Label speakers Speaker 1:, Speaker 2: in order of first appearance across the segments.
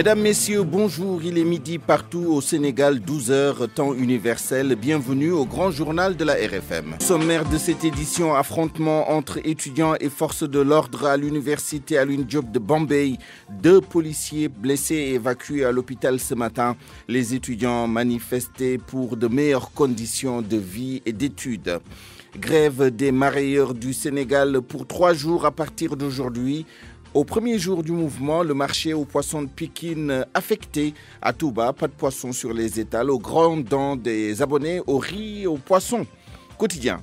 Speaker 1: Mesdames, Messieurs, bonjour. Il est midi partout au Sénégal, 12h, temps universel. Bienvenue au grand journal de la RFM. Sommaire de cette édition, affrontement entre étudiants et forces de l'ordre à l'université à de Bombay. Deux policiers blessés et évacués à l'hôpital ce matin. Les étudiants manifestaient pour de meilleures conditions de vie et d'études. Grève des marailleurs du Sénégal pour trois jours à partir d'aujourd'hui. Au premier jour du mouvement, le marché aux poissons de Pékin euh, affecté à tout bas, pas de poissons sur les étals, aux grandes dents des abonnés, au riz, aux poissons. Quotidien.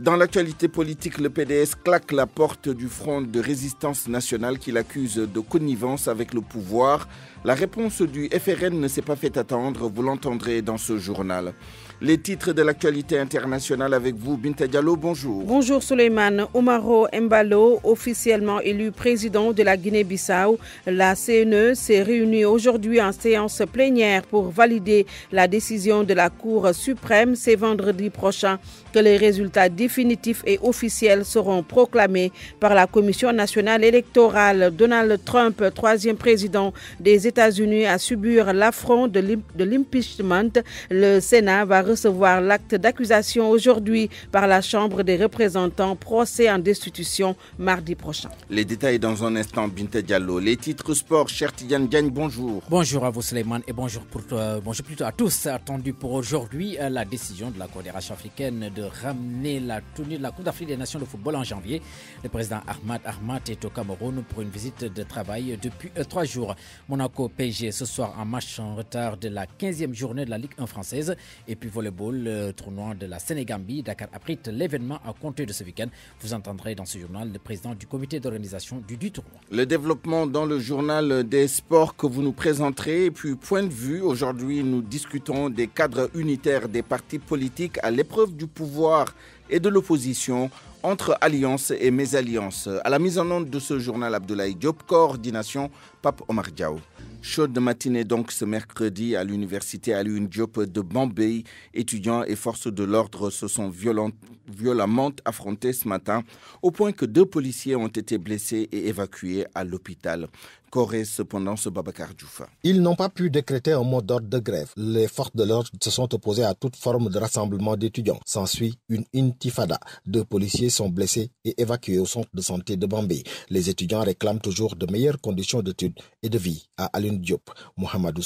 Speaker 1: Dans l'actualité politique, le PDS claque la porte du Front de résistance nationale qu'il accuse de connivence avec le pouvoir. La réponse du FRN ne s'est pas fait attendre, vous l'entendrez dans ce journal. Les titres de l'actualité internationale avec vous, Binta Diallo, bonjour.
Speaker 2: Bonjour Soleiman. Omaro Mbalo, officiellement élu président de la Guinée-Bissau, la CNE s'est réunie aujourd'hui en séance plénière pour valider la décision de la Cour suprême. C'est vendredi prochain que les résultats définitifs et officiels seront proclamés par la Commission nationale électorale. Donald Trump, troisième président des États-Unis, a subir l'affront de l'impeachment. Le Sénat va recevoir l'acte d'accusation aujourd'hui par la Chambre des représentants, procès en destitution
Speaker 1: mardi prochain. Les détails dans un instant, Binte Diallo. Les titres sport, cher Tidiane Gagne, bonjour.
Speaker 3: Bonjour à vous, Suleiman, et bonjour, pour, euh, bonjour plutôt à tous. Attendu pour aujourd'hui euh, la décision de la Confédération africaine de ramener la tenue de la Coupe d'Afrique des Nations de football en janvier. Le président Ahmad Ahmad est au Cameroun pour une visite de travail depuis euh, trois jours. Monaco PSG ce soir en match en retard de la 15e journée de la Ligue 1 française. Et puis volleyball, le euh, tournoi de la Sénégambie. Dakar abrite l'événement à compter de ce week-end. Vous entendrez dans ce journal le président du comité d'organisation du, du tournoi.
Speaker 1: Le développement dans le journal des sports que vous nous présenterez. Et puis point de vue, aujourd'hui nous discutons des cadres unitaires des partis politiques à l'épreuve du pouvoir et de l'opposition entre alliances et mésalliances. À la mise en onde de ce journal, Abdoulaye Diop, coordination Pape Omar Diaw. Chaude matinée donc ce mercredi à l'université Alioune Diop de Bombay. Étudiants et forces de l'ordre se sont violemment affrontés ce matin au point que deux policiers ont été blessés et évacués à l'hôpital qu'aurait cependant ce Babacar Djoufa.
Speaker 4: Ils n'ont pas pu décréter un mot d'ordre de grève. Les forces de l'ordre se sont opposées à toute forme de rassemblement d'étudiants. S'ensuit une intifada. Deux policiers sont blessés et évacués au centre de santé de Bambé. Les étudiants réclament toujours de meilleures conditions d'études et de vie à Alun Diop. Mohamed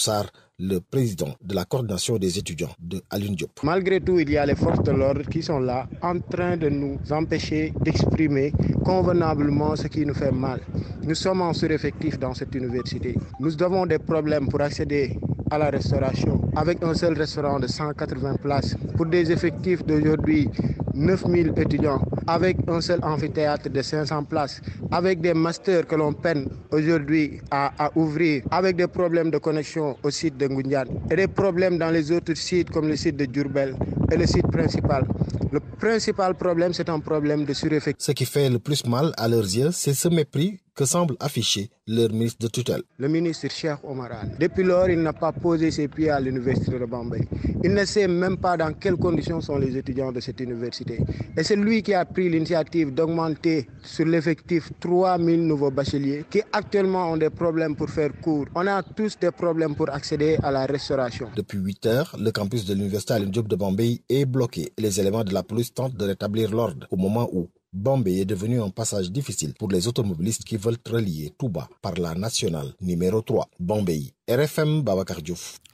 Speaker 4: le président de la coordination des étudiants de Alun Diop.
Speaker 5: Malgré tout, il y a les forces de l'ordre qui sont là en train de nous empêcher d'exprimer convenablement ce qui nous fait mal. Nous sommes en sur-effectif dans cette université. Nous avons des problèmes pour accéder à la restauration avec un seul restaurant de 180 places. Pour des effectifs d'aujourd'hui 9000 étudiants, avec un seul amphithéâtre de 500 places, avec des masters que l'on peine aujourd'hui à, ouvrir, avec des problèmes de connexion au site de Ngundian et des problèmes dans les autres sites comme le site de Durbel et le site principal. Le principal problème, c'est un problème de sureffectif. Ce qui fait le plus
Speaker 4: mal à leurs yeux, c'est ce mépris que semble afficher leur ministre de tutelle.
Speaker 5: Le ministre Cheikh Omaran, depuis lors, il n'a pas posé ses pieds à l'université de Bombay. Il ne sait même pas dans quelles conditions sont les étudiants de cette université. Et c'est lui qui a pris l'initiative d'augmenter sur l'effectif 3000 nouveaux bacheliers qui actuellement ont des problèmes pour faire cours. On a tous des problèmes pour accéder à la restauration.
Speaker 4: Depuis 8 heures, le campus de l'université de Bombay est bloqué. Les éléments de la police tentent de rétablir l'ordre au moment où Bombay est devenu un passage difficile pour les automobilistes qui veulent relier Touba par la nationale numéro 3, Bombay. RFM Babacar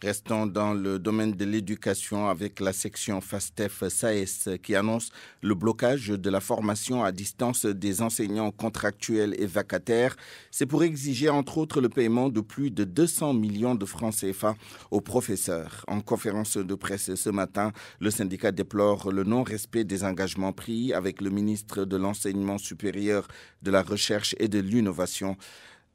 Speaker 1: Restons dans le domaine de l'éducation avec la section FASTEF SAES qui annonce le blocage de la formation à distance des enseignants contractuels et vacataires. C'est pour exiger entre autres le paiement de plus de 200 millions de francs CFA aux professeurs. En conférence de presse ce matin, le syndicat déplore le non-respect des engagements pris avec le ministre de l'Enseignement supérieur, de la Recherche et de l'Innovation.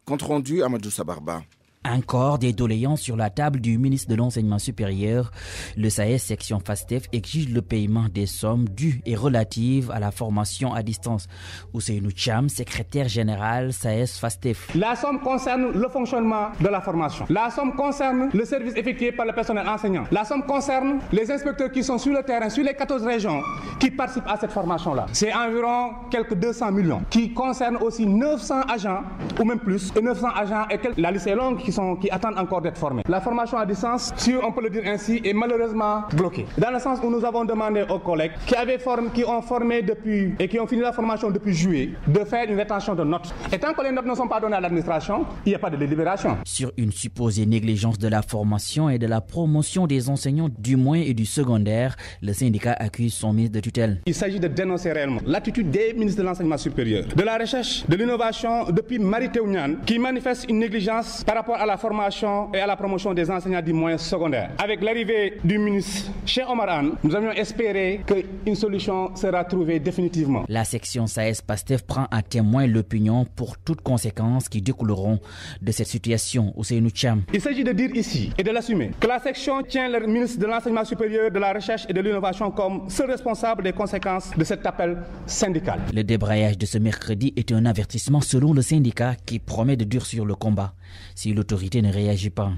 Speaker 1: Compte rendu Amadou Sabarba.
Speaker 3: Encore des doléances sur la table du ministre de l'Enseignement supérieur. Le SAES e, section FASTEF e exige le paiement des sommes dues et relatives à la formation à distance. Ousseinou
Speaker 6: Cham, secrétaire général SAES FASTEF. La somme concerne le fonctionnement de la formation. La somme concerne le service effectué par le personnel enseignant. La somme concerne les inspecteurs qui sont sur le terrain, sur les 14 régions qui participent à cette formation-là. C'est environ quelques 200 millions qui concerne aussi 900 agents ou même plus et 900 agents et la liste longue qui qui attendent encore d'être formés. La formation à distance, si on peut le dire ainsi, est malheureusement bloquée. Dans le sens où nous avons demandé aux collègues qui, avaient formé, qui ont formé depuis et qui ont fini la formation depuis juillet de faire une rétention de notes. Et tant que les notes ne sont pas données à l'administration, il n'y a pas de délibération.
Speaker 3: Sur une supposée négligence de la formation et de la promotion des enseignants du moins et du secondaire,
Speaker 6: le syndicat accuse son ministre de tutelle. Il s'agit de dénoncer réellement l'attitude des ministres de l'enseignement supérieur, de la recherche, de l'innovation depuis Marie Théounian, qui manifeste une négligence par rapport à la formation et à la promotion des enseignants du moyen secondaire. Avec l'arrivée du ministre chez Omar nous avions espéré qu'une solution sera trouvée définitivement.
Speaker 3: La section SAES PASTEF prend à témoin l'opinion pour toutes conséquences qui découleront de cette situation au Cham.
Speaker 6: Il s'agit de dire ici et de l'assumer que la section tient le ministre de l'Enseignement supérieur, de la Recherche et de l'Innovation comme seul responsable des conséquences de cet appel syndical.
Speaker 3: Le débrayage de ce mercredi est un avertissement selon le syndicat qui promet de durcir le combat. Si le ne réagit pas.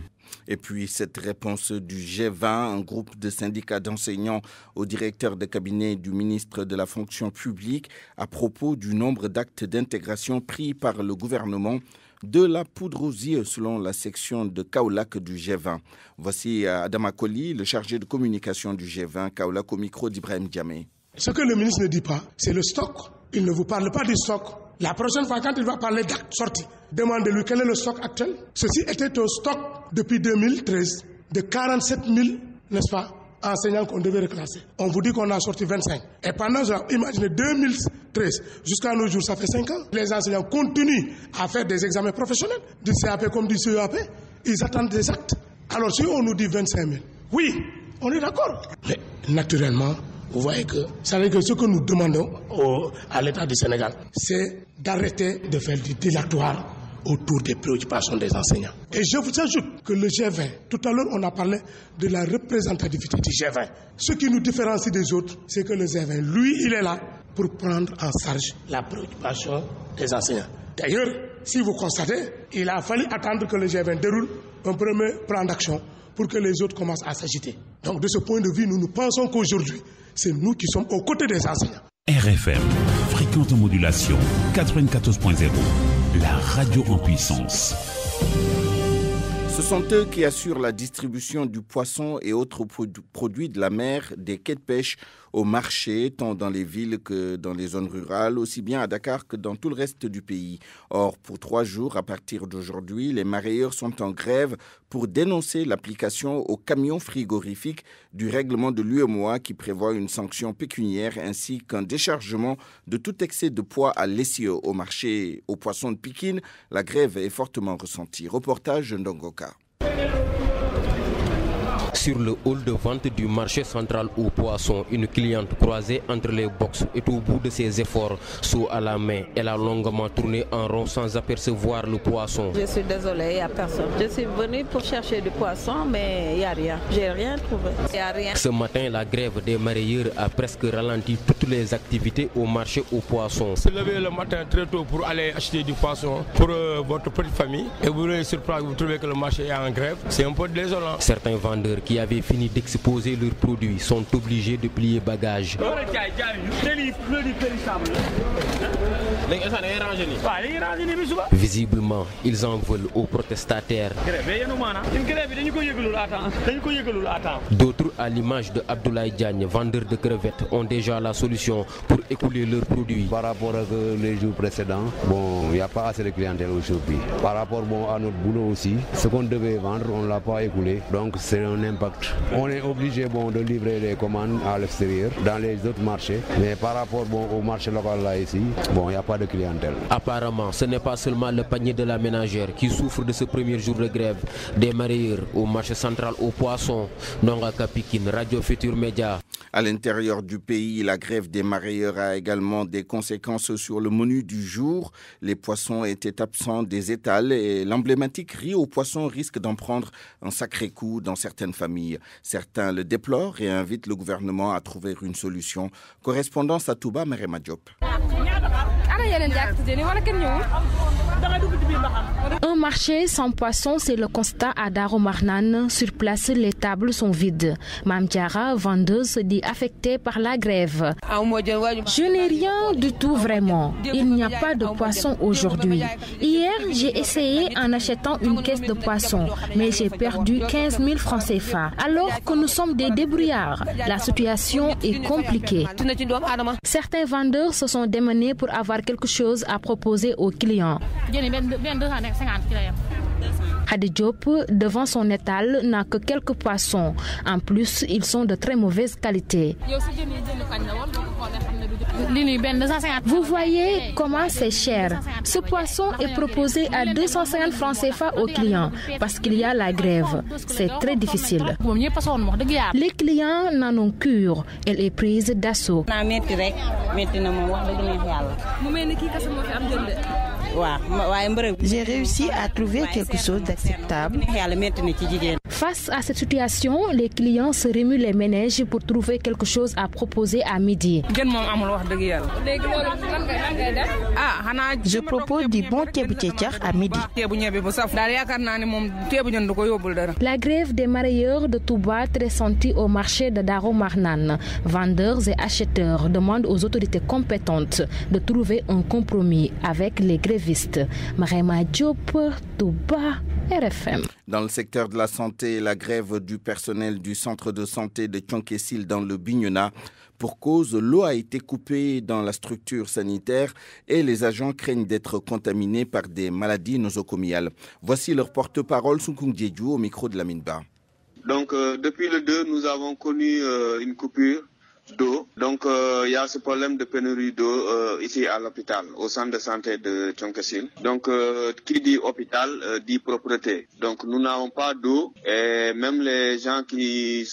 Speaker 1: Et puis cette réponse du G20, un groupe de syndicats d'enseignants au directeur de cabinet du ministre de la fonction publique à propos du nombre d'actes d'intégration pris par le gouvernement de la poudrosie selon la section de Kaolac du G20. Voici Adam Akoli, le chargé de communication du G20, Kaolac au micro d'Ibrahim Djamé.
Speaker 7: Ce que le ministre ne dit pas, c'est le stock. Il ne vous parle pas du stock. La prochaine fois, quand il va parler d'actes sortis, demandez-lui quel est le stock actuel. Ceci était au stock depuis 2013 de 47 000, n'est-ce pas, enseignants qu'on devait reclasser. On vous dit qu'on a sorti 25. Et pendant, imaginez, 2013 jusqu'à nos jours, ça fait 5 ans, les enseignants continuent à faire des examens professionnels, du CAP comme du CEAP. Ils attendent des actes. Alors si on nous dit 25 000, oui, on est d'accord. Mais naturellement, vous voyez que, que ce que nous demandons à l'État du Sénégal, c'est d'arrêter de faire du dilatoire autour des préoccupations des enseignants. Et je vous ajoute que le G20, tout à l'heure on a parlé de la représentativité du G20. Ce qui nous différencie des autres, c'est que le G20, lui, il est là pour prendre en charge la préoccupation des enseignants. D'ailleurs, si vous constatez, il a fallu attendre que le G20 déroule un premier plan d'action pour que les autres commencent à s'agiter. Donc de ce point de vue, nous, nous pensons qu'aujourd'hui, c'est nous qui sommes aux côtés des Asiens.
Speaker 8: RFM, fréquente modulation 94.0, la radio en puissance.
Speaker 1: Ce sont eux qui assurent la distribution du poisson et autres produits de la mer, des quais de pêche au marché, tant dans les villes que dans les zones rurales, aussi bien à Dakar que dans tout le reste du pays. Or, pour trois jours, à partir d'aujourd'hui, les marailleurs sont en grève pour dénoncer l'application aux camions frigorifiques du règlement de l'UMOA qui prévoit une sanction pécuniaire ainsi qu'un déchargement de tout excès de poids à l'essieu au marché aux poissons de Pékin. La grève est fortement ressentie. Reportage Ndongoka.
Speaker 9: Sur le hall de vente du marché central aux poissons, une cliente croisée entre les boxes est au bout de ses efforts. Sous à la main, elle a longuement tourné en rond sans apercevoir le poisson. Je
Speaker 2: suis désolée, il n'y a personne. Je suis venue pour chercher du poisson, mais il n'y a rien. J'ai rien trouvé. Y a rien.
Speaker 9: Ce matin, la grève des marailleurs a presque ralenti toutes les activités au marché aux poissons. Se lever le matin très tôt pour aller acheter du poisson pour euh, votre petite famille et vous vous trouvez que le marché est en grève. C'est un peu désolant. Certains vendeurs qui avaient fini d'exposer leurs produits sont obligés de plier bagages. Visiblement, ils en veulent aux protestataires. D'autres, à l'image de Abdoulaye Diagne, vendeurs de crevettes, ont déjà la solution pour écouler leurs produits. Par rapport à les jours précédents, bon, il n'y a pas assez de clientèle aujourd'hui. Par rapport bon, à notre boulot aussi, ce qu'on devait vendre, on ne l'a pas écoulé. Donc c'est un impact. On est obligé bon, de livrer les commandes à l'extérieur, dans les autres marchés. Mais par rapport au marché local là ici, bon, il n'y a pas de clientèle. Apparemment, ce n'est pas seulement le panier de la ménagère qui souffre de ce premier jour de grève. Des maraîchers au marché central aux poissons, Nonga Kapikine, Radio Futur Média.
Speaker 1: À l'intérieur du pays, la grève des marailleurs a également des conséquences sur le menu du jour. Les poissons étaient absents des étals et l'emblématique riz aux poissons risque d'en prendre un sacré coup dans certaines familles. Certains le déplorent et invitent le gouvernement à trouver une solution. Correspondance à Touba Diop.
Speaker 10: Un marché sans poisson, c'est le constat à Daromarnan. Sur place, les tables sont vides. tiara vendeuse, dit affectée par la grève. Je n'ai rien du tout vraiment. Il n'y a pas de poisson aujourd'hui. Hier, j'ai essayé en achetant une caisse de poisson, mais j'ai perdu 15 000 francs CFA. Alors que nous sommes des débrouillards, la situation est compliquée. Certains vendeurs se sont démenés pour avoir quelques chose à proposer aux clients. Hadi devant son étal, n'a que quelques poissons. En plus, ils sont de très mauvaise qualité. Vous voyez comment c'est cher. Ce poisson est proposé à 250 francs CFA aux clients parce qu'il y a la grève. C'est très difficile. Les clients n'en ont cure. Elle est prise d'assaut. J'ai réussi à trouver quelque chose d'acceptable. Face à cette situation, les clients se remuent les ménages pour trouver quelque chose à proposer à midi.
Speaker 11: Ah, Je propose du bon tchèbouchechar à midi.
Speaker 10: La grève des marailleurs de Touba très sentie au marché de Daro Marnan. Vendeurs et acheteurs demandent aux autorités compétentes de trouver un compromis avec les grévistes.
Speaker 1: Dans le secteur de la santé, la grève du personnel du centre de santé de Tchonkessil dans le Bignona. Pour cause, l'eau a été coupée dans la structure sanitaire et les agents craignent d'être contaminés par des maladies nosocomiales. Voici leur porte-parole, Sunkung Dieju, au micro de la Minba.
Speaker 12: Donc, euh, depuis le 2, nous avons connu euh, une coupure d'eau. Donc, il euh, y a ce problème de pénurie d'eau euh, ici à l'hôpital, au centre de santé de Chongkasil Donc, euh, qui dit hôpital dit propreté. Donc, nous n'avons pas d'eau et même les gens qui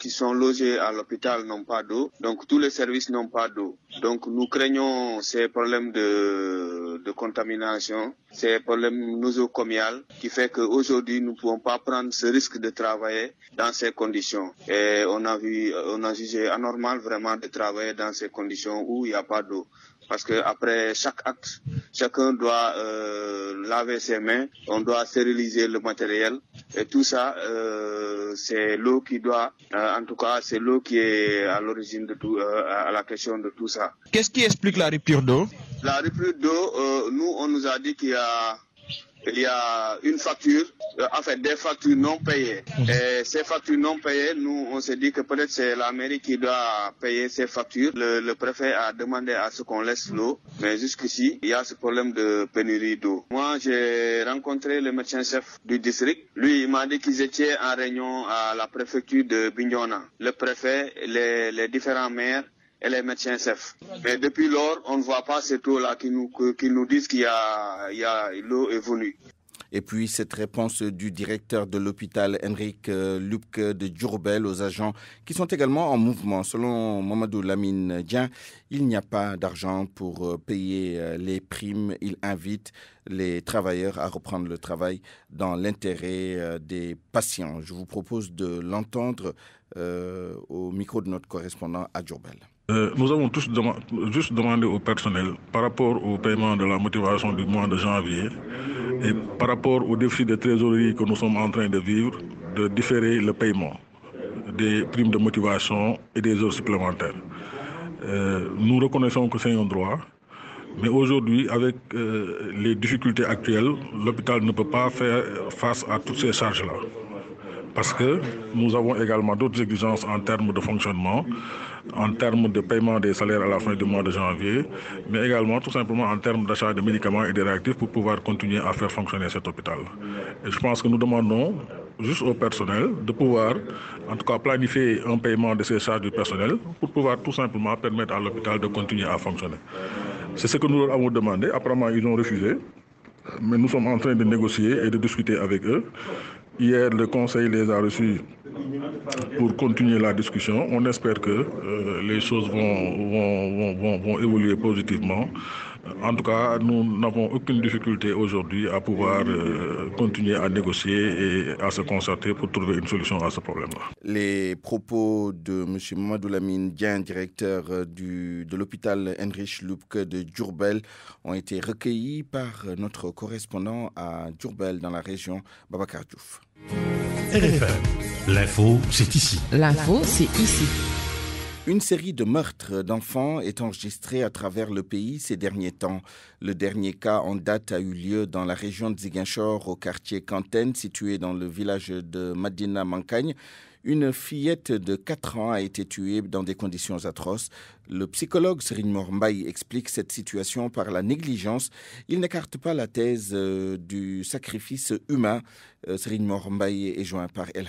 Speaker 12: qui sont logés à l'hôpital n'ont pas d'eau. Donc tous les services n'ont pas d'eau. Donc nous craignons ces problèmes de, de contamination, ces problèmes nosocomiales qui fait qu'aujourd'hui nous ne pouvons pas prendre ce risque de travailler dans ces conditions. Et on a vu, on a jugé anormal vraiment de travailler dans ces conditions où il n'y a pas d'eau. Parce que après chaque acte, chacun doit euh, laver ses mains, on doit stériliser le matériel. Et tout ça, euh, c'est l'eau qui doit, euh, en tout cas, c'est l'eau qui est à l'origine de tout, à la question de tout ça. Qu'est-ce qui explique la rupture d'eau La rupture d'eau, nous, on nous a dit qu'il y a il y a une facture, euh, fait des factures non payées. Mhm. Et ces factures non payées, nous, on s'est dit que peut-être c'est la mairie qui doit payer ces factures. Le, le préfet a demandé à ce qu'on laisse l'eau, mais jusqu'ici, il y a ce problème de pénurie d'eau. Moi, j'ai rencontré le médecin-chef du district. Lui, il m'a dit qu'ils étaient en réunion à la préfecture de Bignona. Le préfet, les, les différents maires et les médecins CEF. Mais depuis lors, on ne voit pas ces taux-là qui nous, qui nous disent qu'il y a, l'eau est
Speaker 1: Et puis cette réponse du directeur de l'hôpital Henrik euh, Lupke de Djourbel, aux agents qui sont également en mouvement. Selon Mamadou Lamine Dien, il n'y a pas d'argent pour euh, payer euh, les primes. Il invite les travailleurs à reprendre le travail dans l'intérêt des patients. Je vous propose de l'entendre au micro de notre correspondant à Djourbel.
Speaker 13: Euh, nous avons tous juste demandé au personnel par rapport au paiement de la motivation du mois de janvier et par rapport au défi de trésorerie que nous sommes en train de vivre, de différer le paiement des primes de motivation et des heures supplémentaires. Euh, nous reconnaissons que c'est un droit, mais aujourd'hui, avec euh, les difficultés actuelles, l'hôpital ne peut pas faire face à toutes ces charges-là. Parce que nous avons également d'autres exigences en termes de fonctionnement en termes de paiement des salaires à la fin du mois de janvier, mais également tout simplement en termes d'achat de médicaments et de réactifs pour pouvoir continuer à faire fonctionner cet hôpital. Et je pense que nous demandons juste au personnel de pouvoir, en tout cas, planifier un paiement de ces charges du personnel pour pouvoir tout simplement permettre à l'hôpital de continuer à fonctionner. C'est ce que nous leur avons demandé. Apparemment, ils ont refusé. Mais nous sommes en train de négocier et de discuter avec eux. Hier, le conseil les a reçus pour continuer la discussion. On espère que euh, les choses vont évoluer positivement. En tout cas, nous n'avons aucune difficulté aujourd'hui à pouvoir euh, continuer à négocier et à se concerter pour trouver une solution à ce problème-là.
Speaker 1: Les propos de M. Mamadou Lamine directeur euh, de l'hôpital Heinrich loupke de Djurbel, ont été recueillis par notre correspondant à Djurbel dans la région, Babacar
Speaker 14: L'info, c'est ici. L'info, c'est ici.
Speaker 1: Une série de meurtres d'enfants est enregistrée à travers le pays ces derniers temps. Le dernier cas en date a eu lieu dans la région de Ziguinchor, au quartier Canten, situé dans le village de Madina Mankagne. Une fillette de 4 ans a été tuée dans des conditions atroces. Le psychologue Serine Mormbaye explique cette situation par la négligence. Il n'écarte pas la thèse euh, du sacrifice humain. Euh, Serine est joint par El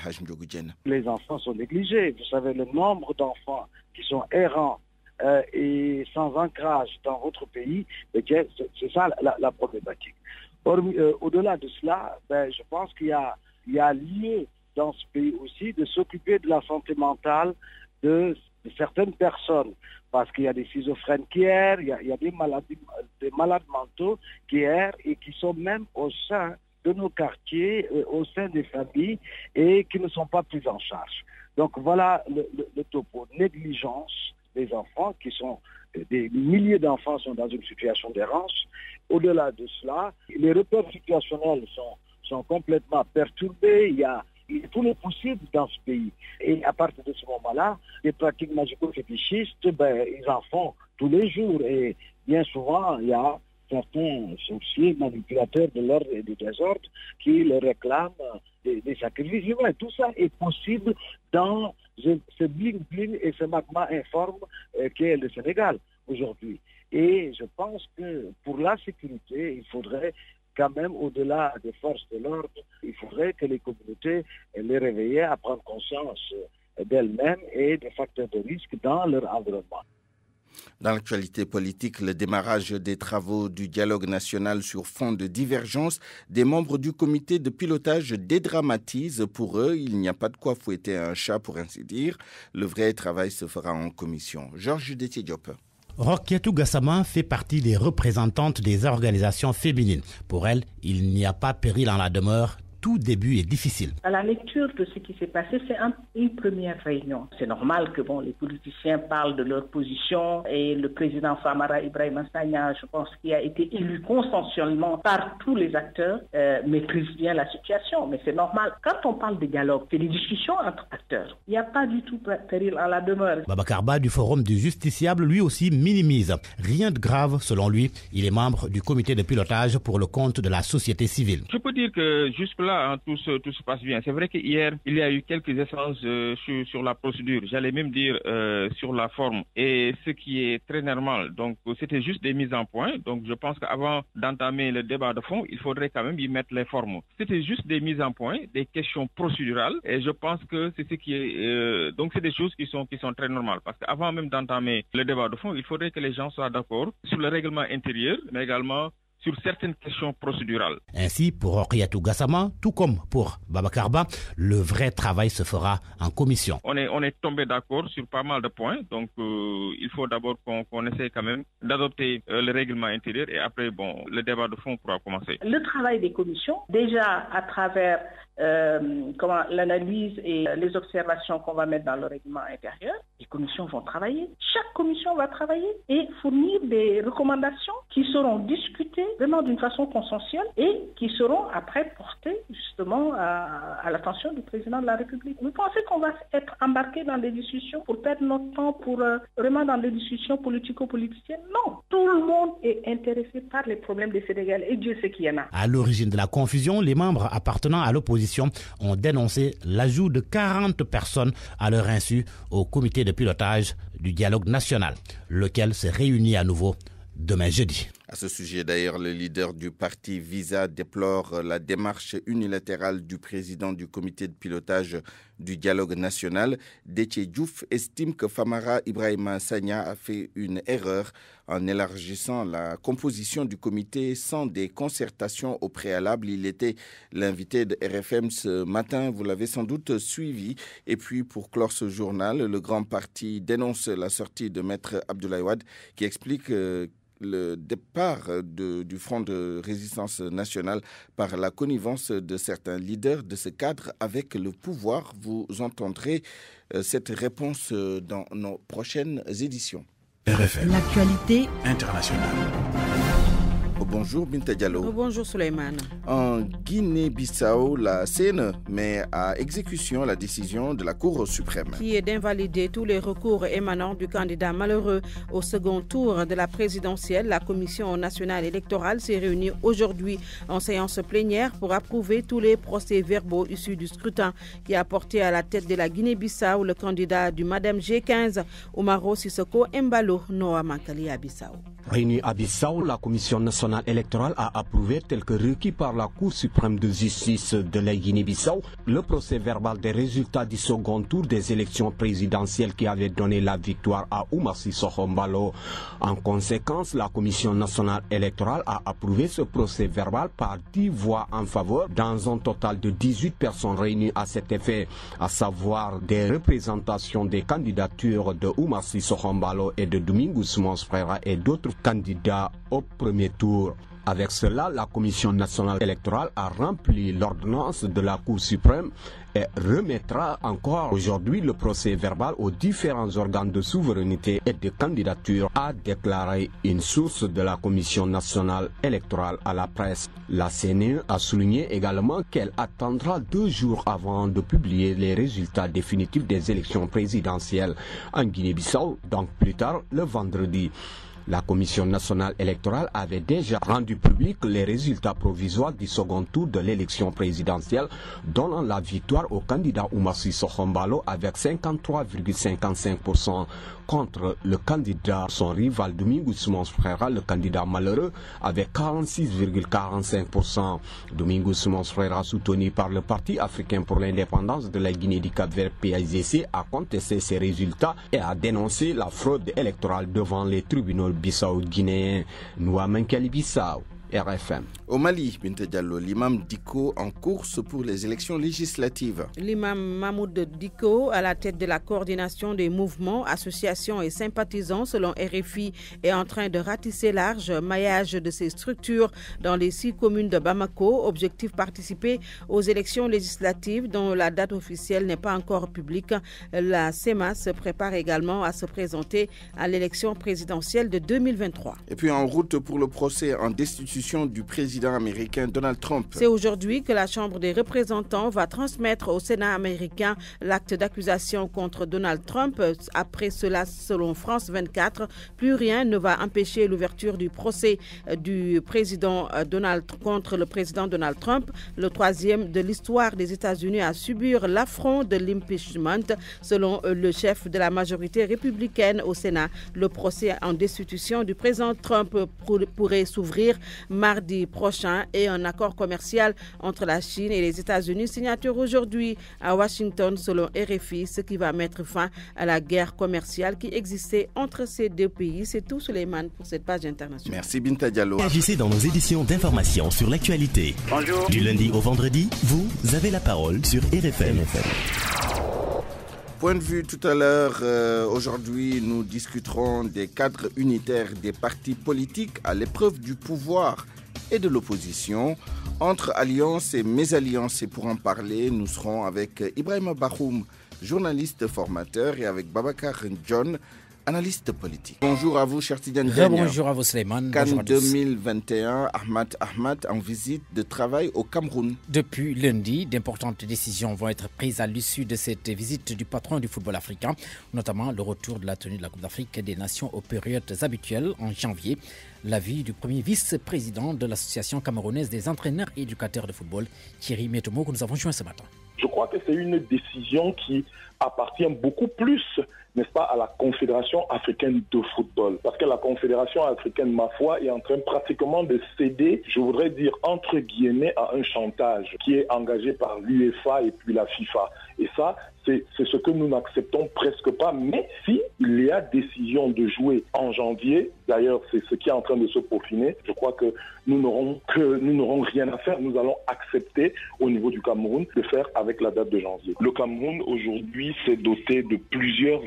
Speaker 15: Les enfants sont négligés. Vous savez, le nombre d'enfants qui sont errants euh, et sans ancrage dans votre pays, eh c'est ça la, problématique. Euh, au-delà de cela, ben, je pense qu'il y a, lieu dans ce pays aussi de s'occuper de la santé mentale de, certaines personnes, parce qu'il y a des schizophrènes qui errent, il y a, des, maladies, des malades mentaux qui errent et qui sont même au sein de nos quartiers, euh, au sein des familles et qui ne sont pas pris en charge. Donc voilà le, le, topo. Négligence des enfants qui sont euh, des milliers d'enfants sont dans une situation d'errance. Au-delà de cela, les repères situationnels sont, sont complètement perturbés. Il y a tout le possible dans ce pays. Et à partir de ce moment-là, les pratiques magico-fétichistes, ben, ils en font tous les jours. Et bien souvent, il y a certains sorciers, manipulateurs de l'ordre et du désordre qui le réclament euh, des, sacrifices Tout ça est possible dans ce bling-bling et ce magma informe euh, qu'est le Sénégal aujourd'hui. Et je pense que pour la sécurité, il faudrait quand même, au-delà des forces de l'ordre, il faudrait que les communautés les réveillent à prendre conscience euh, d'elles-mêmes et des facteurs de risque dans leur environnement.
Speaker 1: Dans l'actualité politique, le démarrage des travaux du dialogue national sur fond de divergence des membres du comité de pilotage dédramatise. Pour eux, il n'y a pas de quoi fouetter un chat, pour ainsi dire. Le vrai travail se fera en commission. Georges Déti-Diop.
Speaker 14: roquette Gassama fait partie des représentantes des organisations féminines. Pour elle, il n'y a pas péril en la demeure tout début est difficile.
Speaker 11: À la lecture de ce qui s'est passé, c'est une première réunion. C'est normal que bon, les politiciens parlent de leur position et le président Famara Ibrahim Sagna, je pense, qu'il a été élu consensuellement par tous les acteurs, euh, maîtrise bien la situation. Mais c'est normal. Quand on parle de dialogue, c'est des discussions entre acteurs. Il n'y a pas du tout péril à la demeure. Babacarba
Speaker 14: du Forum du Justiciable, lui aussi, minimise. Rien de grave, selon lui. Il est membre du comité de pilotage pour le compte de la société civile.
Speaker 16: Je peux dire que jusque-là, Hein, tout, se, tout se passe bien. C'est vrai qu'hier, il y a eu quelques essences euh, sur, la procédure, j'allais même dire euh, sur la forme, et ce qui est très normal. Donc, c'était juste des mises en point. Donc, je pense qu'avant d'entamer le débat de fond, il faudrait quand même y mettre les formes. C'était juste des mises en point, des questions procédurales, et je pense que c'est ce qui est... Euh, donc, c'est des choses qui sont, qui sont très normales, parce qu'avant même d'entamer le débat de fond, il faudrait que les gens soient d'accord sur le règlement intérieur, mais également sur certaines questions procédurales.
Speaker 14: Ainsi, pour Okiatou Gassama, tout comme pour Babakarba, le vrai travail se fera en commission.
Speaker 16: On est, on est tombé d'accord sur pas mal de points, donc euh, il faut d'abord qu'on essaie quand même d'adopter euh, le règlement intérieur et après, bon, le débat de fond pourra commencer.
Speaker 11: Le travail des commissions, déjà à travers euh, comment l'analyse et les observations qu'on va mettre dans le règlement intérieur, les commissions vont travailler. Chaque commission va travailler et fournir des recommandations qui seront discutées vraiment d'une façon consensuelle et qui seront après portées justement à, l'attention du président de la République. Vous pensez qu'on va être embarqué dans des discussions pour perdre notre temps pour euh, vraiment dans des discussions politico-politiciennes Non, tout le monde est intéressé par les problèmes des Sénégal et Dieu sait qu'il y en a.
Speaker 14: À l'origine de la confusion, les membres appartenant à l'opposition ont dénoncé l'ajout de 40 personnes à leur insu au comité de pilotage du dialogue national, lequel se réunit à nouveau demain jeudi.
Speaker 1: À ce sujet, d'ailleurs, le leader du parti Visa déplore la démarche unilatérale du président du comité de pilotage du dialogue national. Détier Diouf estime que Famara Ibrahima Sanya a fait une erreur en élargissant la composition du comité sans des concertations au préalable. Il était l'invité de RFM ce matin, vous l'avez sans doute suivi. Et puis, pour clore ce journal, le grand parti dénonce la sortie de Maître Abdoulaye Wade qui explique euh, le départ du Front de résistance nationale par la connivence de certains leaders de ce cadre avec le pouvoir. Vous entendrez euh, cette réponse euh, dans nos prochaines éditions. L'actualité internationale. Bonjour Binta Diallo. Oh,
Speaker 2: bonjour Souleymane.
Speaker 1: En Guinée-Bissau, la CNE met à exécution la décision de la Cour suprême.
Speaker 2: Qui est d'invalider tous les recours émanant du candidat malheureux au second tour de la présidentielle. La Commission nationale électorale s'est réunie aujourd'hui en séance plénière pour approuver tous les procès-verbaux issus du scrutin qui a porté à la tête de la Guinée-Bissau le candidat du Madame G15, Omaro Sissoko Mbalo Noa Mankali à
Speaker 17: Réunie à la Commission nationale électorale a approuvé tel que requis par la Cour suprême de justice de la Guinée-Bissau le procès verbal des résultats du second tour des élections présidentielles qui avaient donné la victoire à Oumar Sissoko En conséquence, la Commission nationale électorale a approuvé ce procès verbal par 10 voix en faveur dans un total de 18 personnes réunies à cet effet, à savoir des représentations des candidatures de Oumar Sissoko et de Domingos Ousmane et d'autres candidats au premier tour. Avec cela, la Commission nationale électorale a rempli l'ordonnance de la Cour suprême et remettra encore aujourd'hui le procès verbal aux différents organes de souveraineté et de candidature, a déclaré une source de la Commission nationale électorale à la presse. La CNE a souligné également qu'elle attendra deux jours avant de publier les résultats définitifs des élections présidentielles en Guinée-Bissau, donc plus tard le vendredi. La Commission nationale électorale avait déjà rendu public les résultats provisoires du second tour de l'élection présidentielle, donnant la victoire au candidat Oumassi Sohombalo avec 53,55% contre le candidat, son rival Domingo Ousmane Frera, le candidat malheureux, avec 46,45%. Domingo Ousmane Frera, soutenu par le Parti africain pour l'indépendance de la Guinée du Cap-Vert a contesté ces résultats et a dénoncé la fraude électorale devant les tribunaux Bissau guinéen Nouamen Bissau.
Speaker 1: Au Mali, l'imam Diko en course pour les élections législatives.
Speaker 2: L'imam Mahmoud Diko, à la tête de la coordination des mouvements, associations et sympathisants selon RFI, est en train de ratisser large maillage de ses structures dans les six communes de Bamako. Objectif participer aux élections législatives dont la date officielle n'est pas encore publique. La SEMA se prépare également à se présenter à l'élection présidentielle de 2023.
Speaker 1: Et puis en route pour le procès en destitution du président américain Donald Trump. C'est
Speaker 2: aujourd'hui que la Chambre des représentants va transmettre au Sénat américain l'acte d'accusation contre Donald Trump. Après cela, selon France 24, plus rien ne va empêcher l'ouverture du procès euh, du président euh, Donald contre le président Donald Trump, le troisième de l'histoire des États-Unis à subir l'affront de l'impeachment, selon euh, le chef de la majorité républicaine au Sénat. Le procès en destitution du président Trump pourrait s'ouvrir mardi prochain et un accord commercial entre la Chine et les États-Unis signature aujourd'hui à Washington selon RFI, ce qui va mettre fin à la guerre commerciale qui existait entre ces deux pays. C'est tout, Suleiman, pour cette page internationale.
Speaker 1: Merci, Binta Diallo. Agissez dans nos
Speaker 14: éditions d'information sur l'actualité. Du lundi au vendredi, vous avez la parole sur RFM.
Speaker 1: Point de vue tout à l'heure, euh, aujourd'hui nous discuterons des cadres unitaires des partis politiques à l'épreuve du pouvoir et de l'opposition. Entre alliances et mésalliances, et pour en parler, nous serons avec Ibrahim Bahoum, journaliste formateur, et avec Babacar John, analyste politique. Bonjour à vous, cher Tidiane Bonjour à vous, Slimane. Cannes 2021, Ahmad Ahmad en visite de travail au Cameroun.
Speaker 3: Depuis lundi, d'importantes décisions vont être prises à l'issue de cette visite du patron du football africain, notamment le retour de la tenue de la Coupe d'Afrique des Nations aux périodes habituelles en janvier. L'avis du premier vice-président de l'Association camerounaise des entraîneurs et éducateurs de football, Thierry Metomo, que nous avons joint ce matin.
Speaker 18: Je crois que c'est une décision qui appartient beaucoup plus n'est-ce pas, à la Confédération africaine de football. Parce que la Confédération africaine, ma foi, est en train pratiquement de céder, je voudrais dire, entre guillemets, à un chantage qui est engagé par l'UEFA et puis la FIFA. Et ça, c'est ce que nous n'acceptons presque pas. Mais si il y a décision de jouer en janvier, d'ailleurs c'est ce qui est en train de se peaufiner, je crois que nous n'aurons que nous n'aurons rien à faire. Nous allons accepter au niveau du Cameroun de faire avec la date de janvier. Le Cameroun aujourd'hui s'est doté de plusieurs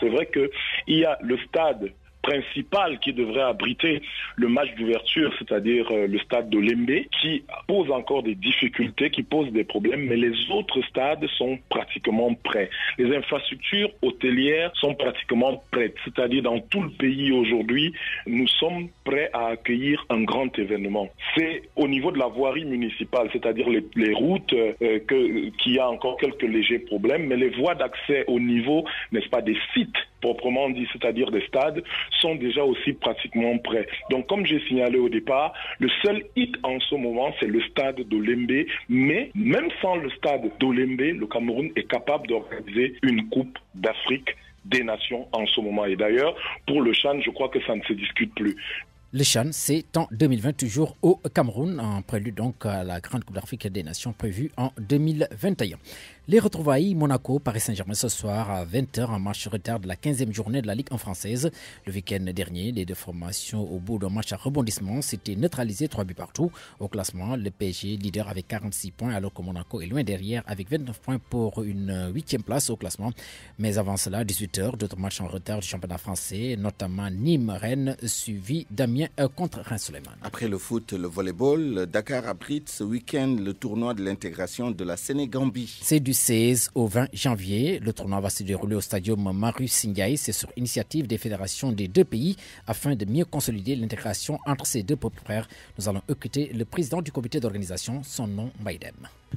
Speaker 18: c'est vrai qu'il y a le stade principal qui devrait abriter le match d'ouverture, c'est-à-dire euh, le stade de Lembe, qui pose encore des difficultés, qui pose des problèmes, mais les autres stades sont pratiquement prêts. Les infrastructures hôtelières sont pratiquement prêtes, c'est-à-dire dans tout le pays aujourd'hui, nous sommes prêts à accueillir un grand événement. C'est au niveau de la voirie municipale, c'est-à-dire les, routes euh, que, qui a encore quelques légers problèmes, mais les voies d'accès au niveau, n'est-ce pas, des sites proprement dit, c'est-à-dire des stades, sont déjà aussi pratiquement prêts. Donc, comme j'ai signalé au départ, le seul hit en ce moment, c'est le stade d'Olembe. Mais même sans le stade d'Olembe, le Cameroun est capable d'organiser une Coupe d'Afrique des Nations en ce moment. Et d'ailleurs, pour le Chan, je crois que ça ne se discute plus.
Speaker 3: Le Chan, c'est en 2020, toujours au Cameroun, en prélude donc à la Grande Coupe d'Afrique des Nations prévue en 2021. Les retrouvailles Monaco-Paris Saint-Germain ce soir à 20h en match retard de la 15e journée de la Ligue en française. Le week-end dernier, les deux formations au bout d'un match à rebondissement s'étaient neutralisées trois buts partout. Au classement, le PSG leader avec 46 points alors que Monaco est loin derrière avec 29 points pour une 8e place au classement. Mais avant cela, 18h, d'autres matchs en retard du championnat français, notamment Nîmes-Rennes suivi d'Amiens euh, contre reims Soleiman.
Speaker 1: Après le foot, le volleyball, Dakar abrite ce week-end le tournoi de l'intégration de la Sénégambie.
Speaker 3: C'est 16 au 20 janvier. Le tournoi va se dérouler au stadium Maru C'est sur initiative des fédérations des deux pays afin de mieux consolider l'intégration entre ces deux populaires. Nous allons écouter le président du comité d'organisation, son nom Maïdem.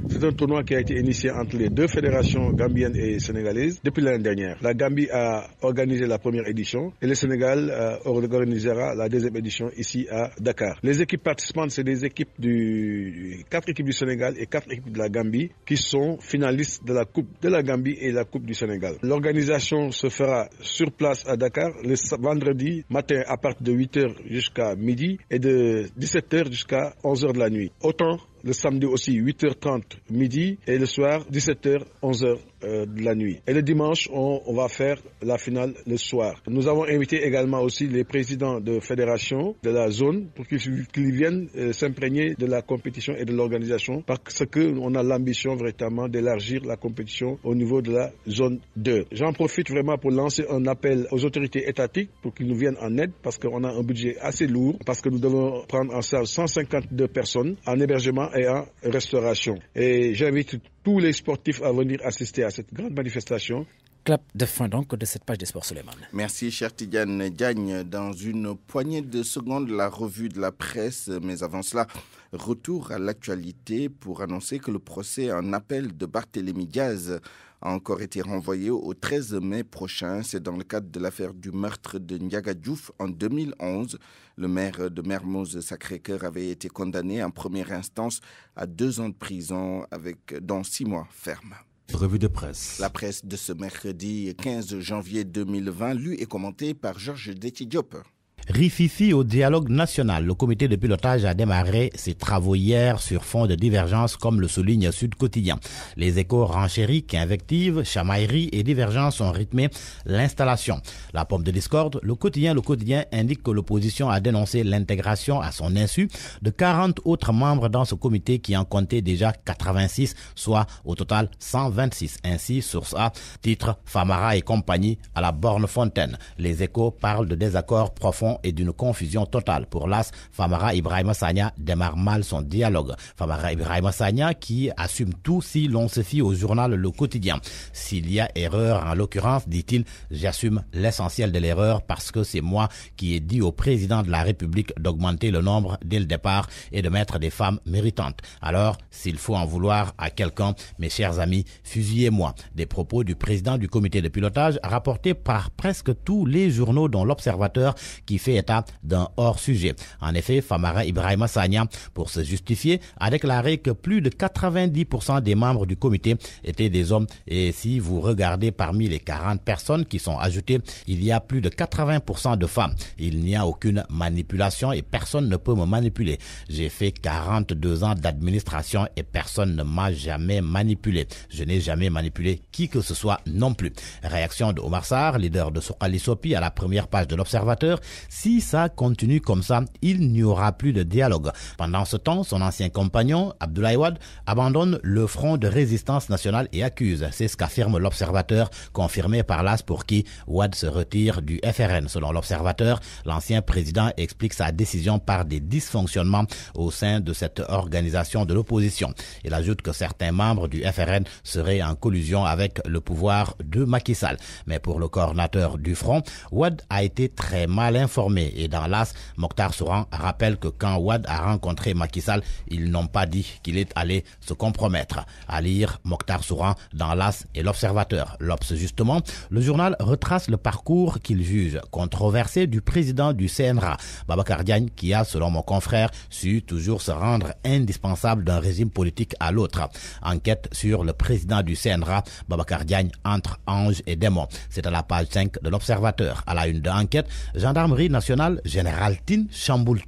Speaker 19: C'est un tournoi qui a été initié entre les deux fédérations gambiennes et sénégalaises depuis l'année dernière. La Gambie a organisé la première édition et le Sénégal euh, organisera la deuxième édition ici à Dakar. Les équipes participantes, c'est des équipes du quatre équipes du Sénégal et quatre équipes de la Gambie qui sont finalistes de la Coupe de la Gambie et la Coupe du Sénégal. L'organisation se fera sur place à Dakar le vendredi matin à partir de 8h jusqu'à midi et de 17h jusqu'à 11h de la nuit. Autant le samedi aussi 8h30 midi et le soir 17h 11h euh, de la nuit. Et le dimanche, on, va faire la finale le soir. Nous avons invité également aussi les présidents de fédération de la zone pour qu'ils viennent euh, s'imprégner de la compétition et de l'organisation parce qu'on a l'ambition véritablement d'élargir la compétition au niveau de la zone 2. J'en profite vraiment pour lancer un appel aux autorités étatiques pour qu'ils nous viennent en aide parce qu'on a un budget assez lourd, parce que nous devons prendre en charge 152 personnes en hébergement et en restauration. Et j'invite tous les sportifs à venir assister à à cette grande manifestation clap de fin donc de cette page des sports, Suleiman.
Speaker 1: Merci, cher Tidiane Diagne. Dans une poignée de secondes, la revue de la presse, mais avant cela, retour à l'actualité pour annoncer que le procès en appel de Barthélémy Diaz a encore été renvoyé au 13 mai prochain. C'est dans le cadre de l'affaire du meurtre de Ndiaga Diouf en 2011. Le maire de Mermoz Sacré-Cœur avait été condamné en première instance à deux ans de prison, avec, dont six mois ferme. Revue de presse. La presse de ce mercredi 15 janvier 2020, lue et commentée par Georges Detty-Dioper.
Speaker 14: Rififi au dialogue national. Le comité de pilotage a démarré ses travaux hier sur fond de divergences, comme le souligne Sud Quotidien. Les échos renchériques, invectives, chamailleries et divergences ont rythmé l'installation. La pompe de discorde, le quotidien, le quotidien indique que l'opposition a dénoncé l'intégration à son insu de 40 autres membres dans ce comité qui en comptait déjà 86, soit au total 126. Ainsi, source A, titre Famara et compagnie à la Borne Fontaine. Les échos parlent de désaccords profonds et d'une confusion totale pour l'AS. Famara Ibrahim Sanya démarre mal son dialogue. Famara Ibrahim Sanya qui assume tout si l'on se fie au journal Le Quotidien. S'il y a erreur, en l'occurrence, dit-il, j'assume l'essentiel de l'erreur parce que c'est moi qui ai dit au président de la République d'augmenter le nombre dès le départ et de mettre des femmes méritantes. Alors, s'il faut en vouloir à quelqu'un, mes chers amis, fusillez-moi. Des propos du président du comité de pilotage rapportés par presque tous les journaux dont l'Observateur qui fait fait état d'un hors-sujet. En effet, Famara Ibrahima Sanya, pour se justifier, a déclaré que plus de 90% des membres du comité étaient des hommes. Et si vous regardez parmi les 40 personnes qui sont ajoutées, il y a plus de 80% de femmes. Il n'y a aucune manipulation et personne ne peut me manipuler. J'ai fait 42 ans d'administration et personne ne m'a jamais manipulé. Je n'ai jamais manipulé qui que ce soit non plus. Réaction de Omar Sarr, leader de Sokali Sopi à la première page de l'Observateur. Si ça continue comme ça, il n'y aura plus de dialogue. Pendant ce temps, son ancien compagnon, Abdoulaye Wade, abandonne le front de résistance nationale et accuse. C'est ce qu'affirme l'observateur, confirmé par l'AS pour qui Wade se retire du FRN. Selon l'observateur, l'ancien président explique sa décision par des dysfonctionnements au sein de cette organisation de l'opposition. Il ajoute que certains membres du FRN seraient en collusion avec le pouvoir de Macky Sall. Mais pour le coordinateur du front, Wade a été très mal informé et dans l'AS, Mokhtar Souran rappelle que quand Ouad a rencontré Macky Sall, ils n'ont pas dit qu'il est allé se compromettre. À lire Mokhtar Souran dans l'AS et l'Observateur. L'Obs, justement, le journal retrace le parcours qu'il juge controversé du président du CNRA, Babacar Diagne, qui a, selon mon confrère, su toujours se rendre indispensable d'un régime politique à l'autre. Enquête sur le président du CNRA, Babacar Diagne, entre ange et démon. C'est à la page 5 de l'Observateur. À la une de l'enquête, gendarmerie National nationale, Général Tin, chamboule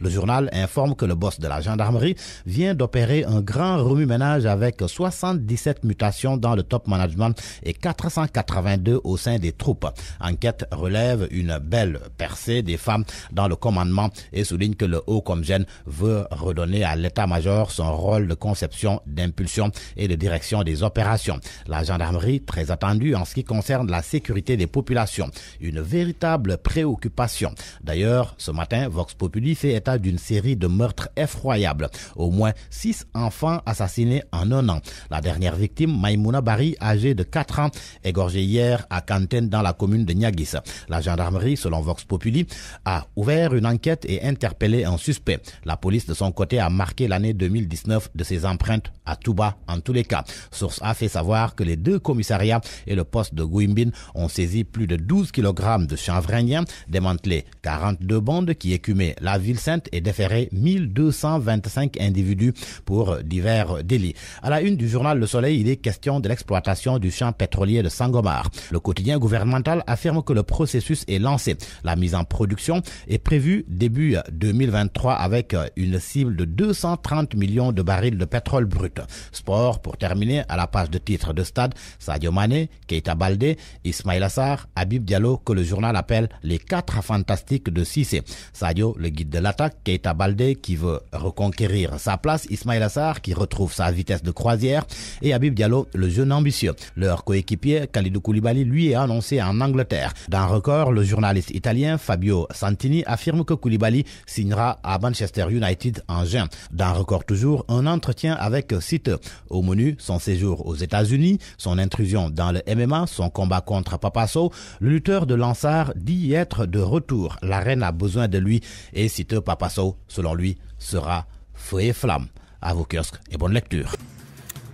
Speaker 14: Le journal informe que le boss de la gendarmerie vient d'opérer un grand remue-ménage avec 77 mutations dans le top management et 482 au sein des troupes. Enquête relève une belle percée des femmes dans le commandement et souligne que le haut comme veut redonner à l'état-major son rôle de conception, d'impulsion et de direction des opérations. La gendarmerie, très attendue en ce qui concerne la sécurité des populations, une véritable préoccupation D'ailleurs, ce matin, Vox Populi fait état d'une série de meurtres effroyables. Au moins six enfants assassinés en un an. La dernière victime, Maimouna Bari, âgée de 4 ans, égorgée hier à Cantène dans la commune de Niagis. La gendarmerie, selon Vox Populi, a ouvert une enquête et interpellé un suspect. La police, de son côté, a marqué l'année 2019 de ses empreintes à Touba, en tous les cas. Source a fait savoir que les deux commissariats et le poste de Gouimbin ont saisi plus de 12 kg de chanvrinien, démantelés les 42 bandes qui écumaient la ville sainte et déféraient 1225 individus pour divers délits. À la une du journal Le Soleil, il est question de l'exploitation du champ pétrolier de Sangomar. Le quotidien gouvernemental affirme que le processus est lancé. La mise en production est prévue début 2023 avec une cible de 230 millions de barils de pétrole brut. Sport pour terminer à la page de titre de stade, Sadio Mané, Keita Baldé, Ismail Assar, Habib Diallo que le journal appelle les quatre enfants fantastique de Sissé. Sadio, le guide de l'attaque, Keita Baldé qui veut reconquérir sa place, Ismail Assar qui retrouve sa vitesse de croisière et Habib Diallo, le jeune ambitieux. Leur coéquipier, Khalidou Koulibaly, lui est annoncé en Angleterre. D'un record, le journaliste italien Fabio Santini affirme que Koulibaly signera à Manchester United en juin. D'un record toujours, un entretien avec Site. Au menu, son séjour aux États-Unis, son intrusion dans le MMA, son combat contre Papasso, le lutteur de Lansard dit être de retour la reine a besoin de lui et Siteu Papasso, selon lui, sera feu et flamme. À vos kiosques et bonne lecture.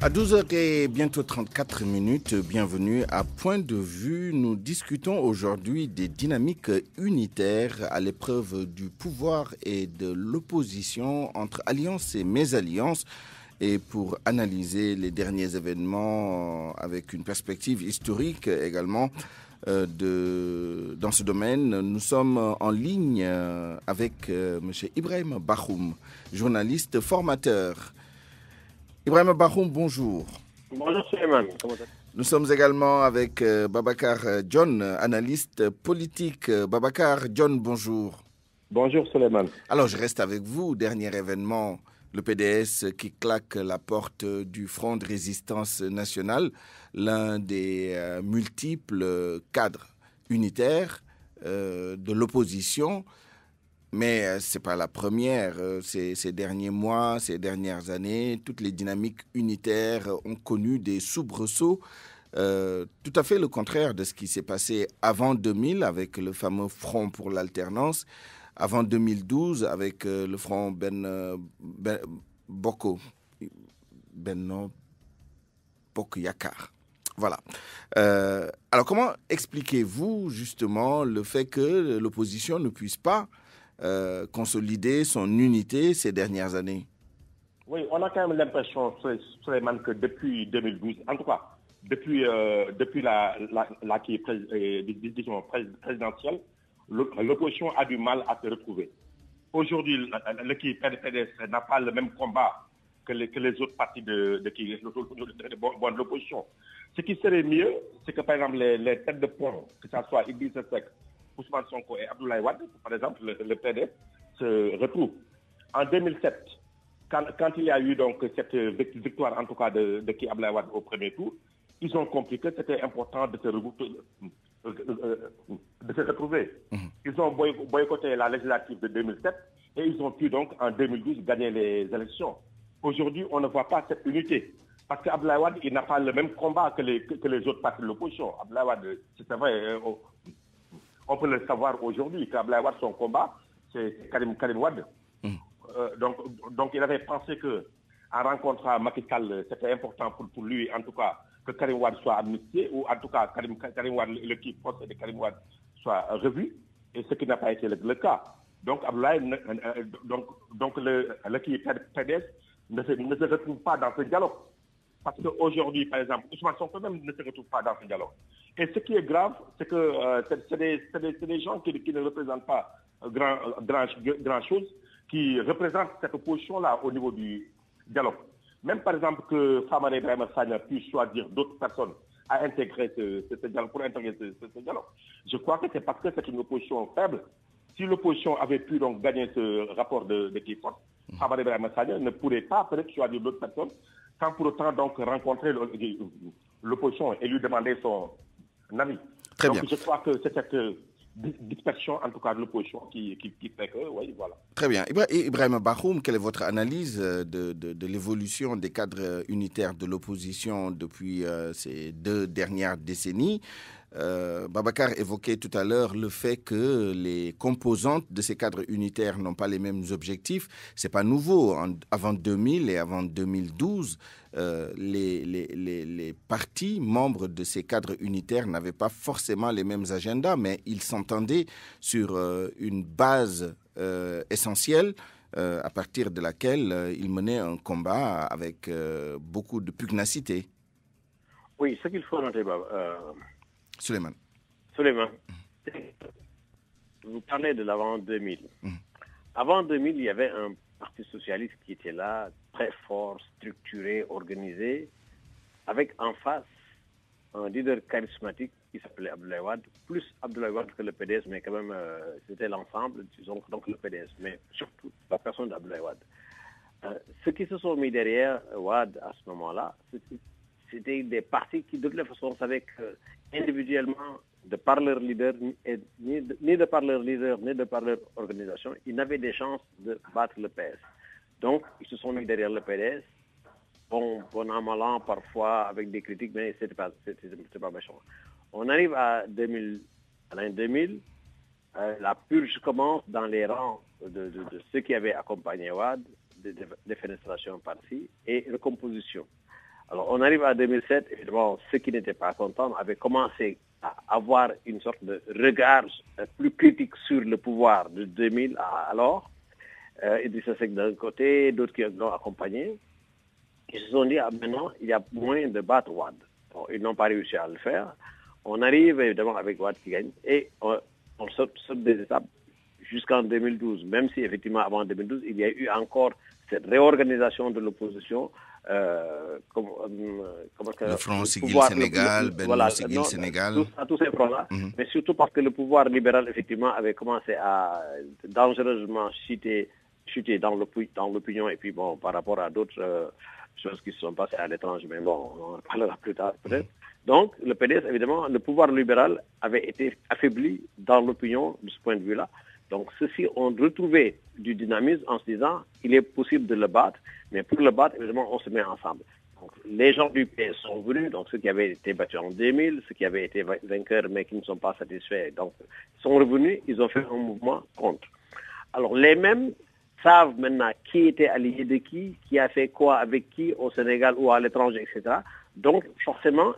Speaker 1: À 12h et bientôt 34 minutes, bienvenue à Point de vue. Nous discutons aujourd'hui des dynamiques unitaires à l'épreuve du pouvoir et de l'opposition entre alliances et mésalliances. Et pour analyser les derniers événements avec une perspective historique également, euh, dans ce domaine. Nous sommes en ligne euh, avec euh, M. Ibrahim Bahoum, journaliste formateur. Ibrahim Bahoum, bonjour.
Speaker 20: Bonjour Suleiman.
Speaker 1: Nous sommes également avec Babacar John, analyste politique. Babacar John, bonjour. Bonjour Suleiman. Alors je reste avec vous. Dernier événement, le PDS qui claque la porte du Front de résistance nationale l'un des euh, multiples cadres unitaires euh, de l'opposition. Mais euh, ce n'est pas la première. Ces, derniers mois, ces dernières années, toutes les dynamiques unitaires ont connu des soubresauts. tout à fait le contraire de ce qui s'est passé avant 2000 avec le fameux Front pour l'alternance, avant 2012 avec le Front Ben, ben Boko, Benno voilà. Euh, alors comment expliquez-vous justement le fait que l'opposition ne puisse pas euh, consolider son unité ces dernières années
Speaker 8: Oui, on a quand même l'impression, Suleiman, que depuis 2012, en tout cas, depuis, euh, depuis la, la, la présidentielle, l'opposition a du mal à se retrouver. Aujourd'hui, l'équipe PDS n'a pas le même combat que les, autres partis de, de, l'opposition. Ce qui serait mieux, c'est que par exemple les, têtes de pont, que ce soit Idriss Seck, Ousmane Sonko et Abdoulaye Wade, par exemple le, PD, se retrouvent. En 2007, quand, il y a eu donc cette victoire en tout cas de, de Abdoulaye Wade au premier tour, ils ont compris que c'était important de se de retrouver. Mhm. Ils ont boycotté la législative de 2007 et ils ont pu donc en 2012 gagner les élections. Aujourd'hui, on ne voit pas cette unité. Parce Wad, il n'a pas le même combat que les, autres partis de l'opposition. Wad, c'est vrai, euh, on peut le savoir aujourd'hui Wad, son combat, c'est Karim, Karim Wad. Hmm. Euh, donc, donc, il avait pensé que en rencontrant Macky c'était important pour, lui, en tout cas, que Karim Wad soit amnistié, ou en tout cas, Karim, Karim le de Karim Wad soit revu, et ce qui n'a pas été le, cas. Donc, Ablaï, euh, donc, donc le, le qui ne se, retrouve retrouvent pas dans ce dialogue. Parce qu'aujourd'hui, par exemple, Ousmane Sonko même ne se retrouve pas dans ce dialogue. Et ce qui est grave, c'est que euh, c'est des, gens qui, ne représentent pas grand, chose, qui représentent cette position-là au niveau du dialogue. Même par exemple que Famara Ibrahim Sagna puisse choisir d'autres personnes à intégrer ce, dialogue, pour intégrer ce, dialogue. Je crois que c'est parce que c'est une opposition faible. Si l'opposition avait pu donc gagner ce rapport de, de Ibrahim mm-hmm. ne pourrait pas peut-être choisir d'autres personnes sans pour autant donc rencontrer l'opposition et lui demander son avis. Très donc, bien. je crois que c'est cette euh, dispersion, en tout cas de l'opposition, qui, qui, fait que, oui, voilà.
Speaker 1: Très bien. Ibrahim Bahoum, quelle est votre analyse euh, de, l'évolution des cadres euh, unitaires de l'opposition depuis ces deux dernières décennies euh, Babacar évoquait tout à l'heure le fait que les composantes de ces cadres unitaires n'ont pas les mêmes objectifs. C'est pas nouveau. avant 2000 et avant 2012, euh, les, partis membres de ces cadres unitaires n'avaient pas forcément les mêmes agendas, mais ils s'entendaient sur euh, une base essentielle à partir de laquelle ils menaient un combat avec beaucoup de pugnacité.
Speaker 20: Oui, ce qu'il faut noter, Babacar Suleiman. Suleiman, vous parlez de l'avant 2000. Mm. Avant 2000, il y avait un parti socialiste qui était là, très fort, structuré, organisé, avec en face un leader charismatique qui s'appelait Abdoulaye plus Abdoulaye que le PDS, mais quand même, euh, c'était l'ensemble, disons, donc le PDS, mais surtout la personne d'Abdoulaye Wade. Euh, ceux qui se sont mis derrière Wade à ce moment-là, c'était des partis qui, de toute façon, savaient que
Speaker 13: individuellement
Speaker 20: de par leur leader, ni de, ni par leur leader, ni de par leur organisation, ils n'avaient des chances de battre le PS. Donc, ils se sont mis derrière le PS, bon, bon en malin parfois avec des critiques, mais ce pas pas, pas, méchant. On arrive à, 2000, l'année 2000, euh, la purge commence dans les rangs de, ceux qui avaient accompagné WAD, des fenestrations de, par et recomposition. Alors, on arrive à 2007, évidemment, ceux qui n'étaient pas contents avaient commencé à avoir une sorte de regard euh, plus critique sur le pouvoir de 2000 à euh, alors. Euh, ça que d'un côté, d'autres qui l'ont accompagné. Ils se sont dit, ah, maintenant, il y a moins de battre Wad. ils n'ont pas réussi à le faire. On arrive évidemment avec Wad qui gagne et on, saute des étapes jusqu'en 2012, même si effectivement avant 2012, il y a eu encore cette réorganisation de l'opposition, euh, euh, le Front Sénégal, Ben voilà, Sénégal. à euh, tous mhm. mais surtout parce que le pouvoir libéral, effectivement, avait commencé à dangereusement chuter, chuter dans l'opinion, et puis bon, par rapport à d'autres choses qui se sont passées à l'étranger, mais bon, on en parlera plus tard peut-être. Mhm. Donc, le PDS, évidemment, le pouvoir libéral avait été affaibli dans l'opinion de ce point de vue-là. Donc, ceux-ci ont retrouvé du dynamisme en se disant, il est possible de le battre, mais pour le battre, évidemment, on se met ensemble. Donc, les gens du PS sont venus, donc ceux qui avaient été battus en 2000, ceux qui avaient été vainqueurs, mais qui ne sont pas satisfaits, donc, sont revenus, ils ont fait un mouvement contre. Alors, les mêmes savent maintenant qui était allié de qui, qui a fait quoi avec qui au Sénégal ou à l'étranger, etc. Donc, forcément,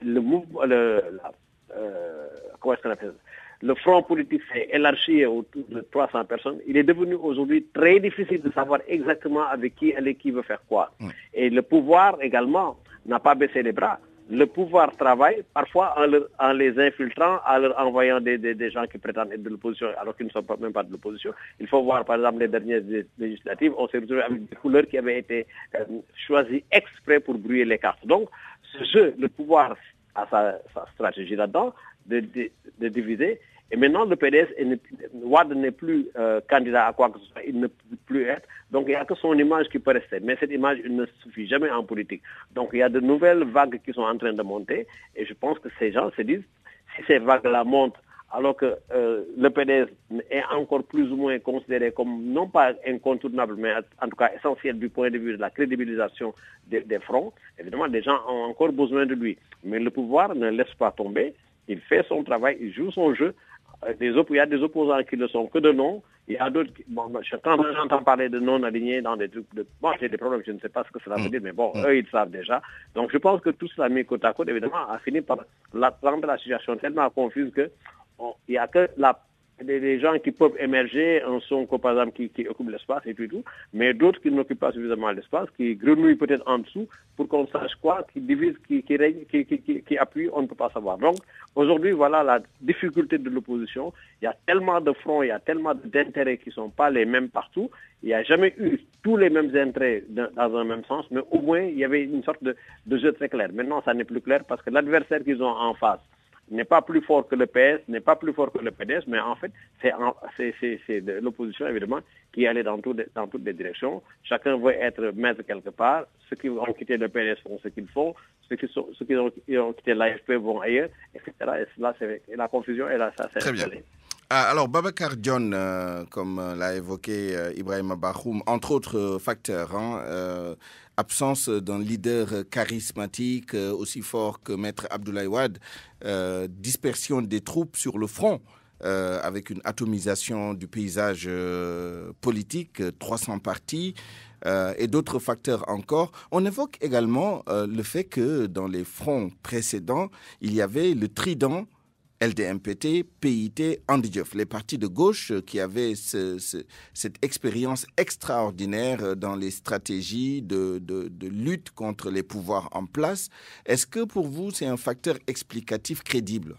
Speaker 20: le mouvement, euh, comment est-ce qu'on appelle ça le front politique s'est élargi autour de 300 personnes, il est devenu aujourd'hui très difficile de savoir exactement avec qui elle et qui veut faire quoi. Et le pouvoir également n'a pas baissé les bras. Le pouvoir travaille parfois en, les infiltrant, en leur envoyant des, gens qui prétendent être de l'opposition alors qu'ils ne sont pas, même pas de l'opposition. Il faut voir par exemple les dernières législatives, on s'est retrouvé avec des couleurs qui avaient été euh, choisies exprès pour brouiller les cartes. Donc ce jeu, le pouvoir a sa stratégie là-dedans de, de, diviser. Et maintenant, le PDS, Ward n'est plus euh, candidat à quoi que ce soit, il ne peut plus être. Donc, il n'y a que son image qui peut rester. Mais cette image, il ne suffit jamais en politique. Donc, il y a de nouvelles vagues qui sont en train de monter. Et je pense que ces gens se disent, si ces vagues-là montent, alors que euh, le PDS est encore plus ou moins considéré comme non pas incontournable, mais en tout cas essentiel du point de vue de la crédibilisation des, des fronts, évidemment, les gens ont encore besoin de lui. Mais le pouvoir ne laisse pas tomber il fait son travail, il joue son jeu. Euh, il y a des opposants qui ne sont que de noms. Il y a d'autres qui... j'entends parler de non-alignés dans des trucs de... bon, j'ai des problèmes, je ne sais pas ce que cela veut mm. dire, mais bon, mm. eux, ils savent déjà. Donc, je pense que tout cela mis côte à côte, évidemment, a fini par la, rendre la situation tellement confuse qu'il n'y a que la les gens qui peuvent émerger en sont, par exemple, qui, occupent l'espace et tout, tout mais d'autres qui n'occupent pas suffisamment l'espace, qui grenouillent peut-être en dessous pour qu'on sache quoi, qui divisent, qui, qui règnent, qui, appuient, on ne peut pas savoir. Donc, aujourd'hui, voilà la difficulté de l'opposition. Il y a tellement de fronts, il y a tellement d'intérêts qui ne sont pas les mêmes partout. Il n'y a jamais eu tous les mêmes intérêts dans, un même sens, mais au moins, il y avait une sorte de jeu très clair. Maintenant, ça n'est plus clair parce que l'adversaire qu'ils ont en face, n'est pas plus fort que le PS, n'est pas plus fort que le PDS, mais en fait, c'est l'opposition, évidemment, qui est allée dans, dans, toutes les directions. Chacun veut être maître quelque part. Ceux qui ont quitté le PDS font ce qu'ils font. Ceux qui, ont, quitté l'AFP vont ailleurs, etc. Et là, c'est la confusion et là. Ça, Très bien.
Speaker 1: Ah, alors, Babacar John, euh, comme euh, l'a évoqué euh, Ibrahim Bahoum, entre autres facteurs, hein, absence d'un leader charismatique euh, aussi fort que Maître Abdoulaye Wade, euh, dispersion des troupes sur le front. Euh, avec une atomisation du paysage politique, 300 partis et d'autres facteurs encore. On évoque également le fait que dans les fronts précédents, il y avait le trident LDMPT, PIT, Andijov, les partis de gauche qui avaient cette expérience extraordinaire dans les stratégies de, lutte contre les pouvoirs en place. Est-ce que pour vous, c'est un facteur explicatif crédible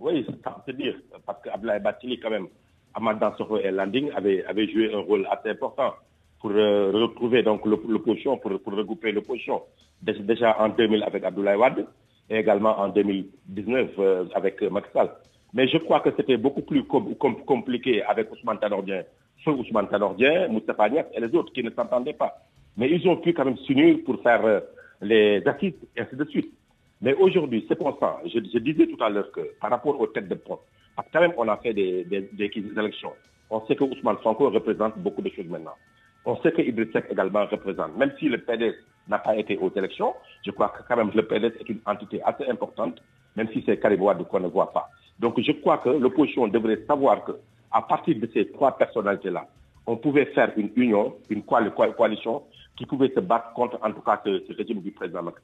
Speaker 8: Oui, ça peut dire, parce qu'Abdoulaye Batili, quand même, à Soro et Landing avaient, joué un rôle assez important pour euh, retrouver donc potion, pour, pour regrouper potion Déjà en 2000 avec Abdoulaye Wade, et également en 2019 euh, avec euh, Maxal. Mais je crois que c'était beaucoup plus compliqué avec Ousmane Tanordien, feu Ousmane Tanordien, Moustapha et les autres qui ne s'entendaient pas. Mais ils ont pu quand même s'unir pour faire euh, les assises et ainsi de suite. Mais aujourd'hui, c'est pour ça, je, disais tout à l'heure que par rapport aux têtes de pont, quand même on a fait des, élections. On sait que Ousmane Sanko représente beaucoup de choses maintenant. On sait que Idriss également représente, même si le PDS n'a pas été aux élections, je crois que quand même le PDS est une entité assez importante, même si c'est quoi qu'on ne voit pas. Donc je crois que l'opposition devrait savoir que à partir de ces trois personnalités-là, on pouvait faire une union, une coalition qui pouvait se battre contre, en tout cas, ce, régime du président Macky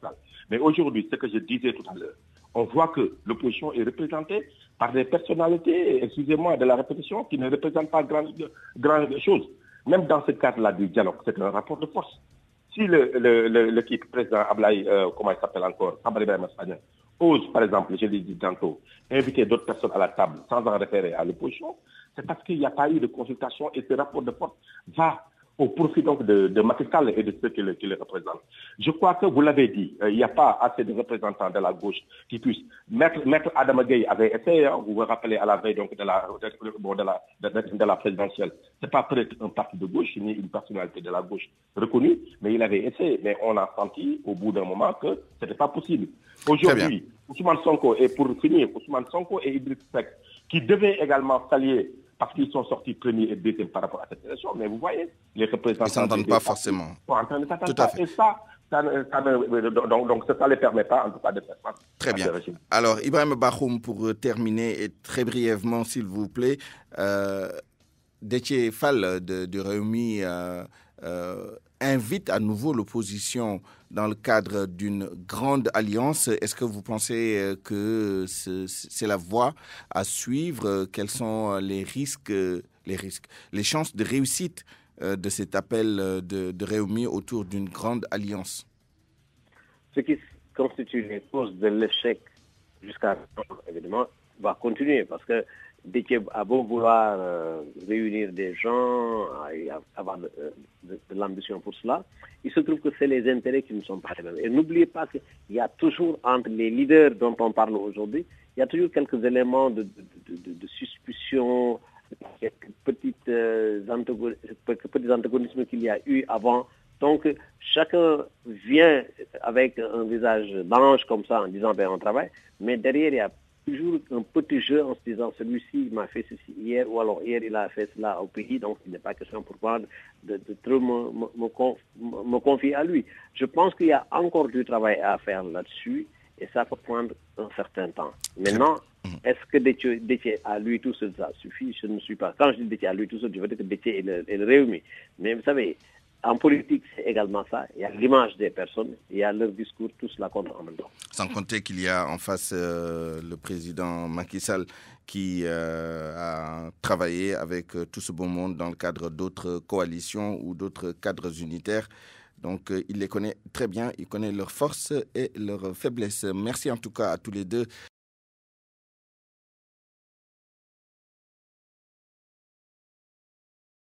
Speaker 8: Mais aujourd'hui, ce que je disais tout à l'heure, on voit que l'opposition est représentée par des personnalités, excusez-moi de la répétition, qui ne représentent pas grand chose. Même dans ce cadre-là du dialogue, c'est un rapport de force. Si le, le, président Ablaï, euh, comment il s'appelle encore, ose, par exemple, je l'ai dit tantôt, inviter d'autres personnes à la table sans en référer à l'opposition, c'est parce qu'il n'y a pas eu de consultation et ce rapport de force va au profit donc de, de et de ceux qui le, qui représentent. Je crois que vous l'avez dit, euh, il n'y a pas assez de représentants de la gauche qui puissent. Maître, Maître Adam Gay avait essayé, hein, vous vous rappelez, à la veille donc, de, la, de, la, présidentielle. Ce n'est pas peut-être un parti de gauche, ni une personnalité de la gauche reconnue, mais il avait essayé. Mais on a senti au bout d'un moment que ce n'était pas possible. Aujourd'hui, Ousmane Sonko, et pour finir, Ousmane Sonko et Idriss Seck, qui devaient également s'allier parce qu'ils sont sortis premiers et deuxièmes par rapport à cette élection. Mais vous voyez, les représentants. Ils ne s'entendent pas forcément. Tout à fait. Et ça, ça, euh, euh, donc, ça ne les permet pas, en tout cas, de faire face
Speaker 1: Très bien. Alors, Ibrahim Bahoum, pour euh, terminer, et très brièvement, s'il vous plaît, euh, Détier Fall de, de invite à nouveau l'opposition dans le cadre d'une grande alliance. Est-ce que vous pensez euh, que c'est la voie à suivre Quels sont euh, les risques, euh, les risques, les chances de réussite de cet appel de, de autour d'une grande alliance
Speaker 20: Ce qui constitue les causes de l'échec jusqu'à évidemment, va continuer parce que dès qu'à bon vouloir euh, réunir des gens, et avoir euh, de, l'ambition pour cela, il se trouve que c'est les intérêts qui ne sont pas les mêmes. Et n'oubliez pas qu'il y a toujours, entre les leaders dont on parle aujourd'hui, il y a toujours quelques éléments de, de suspicion, euh, quelques petits antagonismes qu'il y a eu avant. Donc, chacun vient avec un visage d'ange comme ça en disant, ben, on travaille, mais derrière, il y a toujours un petit jeu en se disant celui-ci m'a fait ceci hier ou alors hier il a fait cela au pays, donc il n'est pas question pour moi de, trop me, confier à lui. Je pense qu'il y a encore du travail à faire là-dessus et ça peut prendre un certain temps. Maintenant, est-ce que Détier à lui tout seul ça suffit Je ne suis pas. Quand je dis Détier à lui tout seul, je veux dire que Détier est le, le Mais vous savez, en politique, c'est également ça. Il y a l'image des personnes, il y a leur discours, tout cela compte en même temps.
Speaker 1: Sans compter qu'il y a en face euh, le président Macky Sall qui euh, a travaillé avec euh, tout ce beau monde dans le cadre d'autres coalitions ou d'autres cadres unitaires. Donc, il les connaît très bien, il connaît leurs forces et leurs faiblesses.
Speaker 12: Merci en tout cas à tous les deux.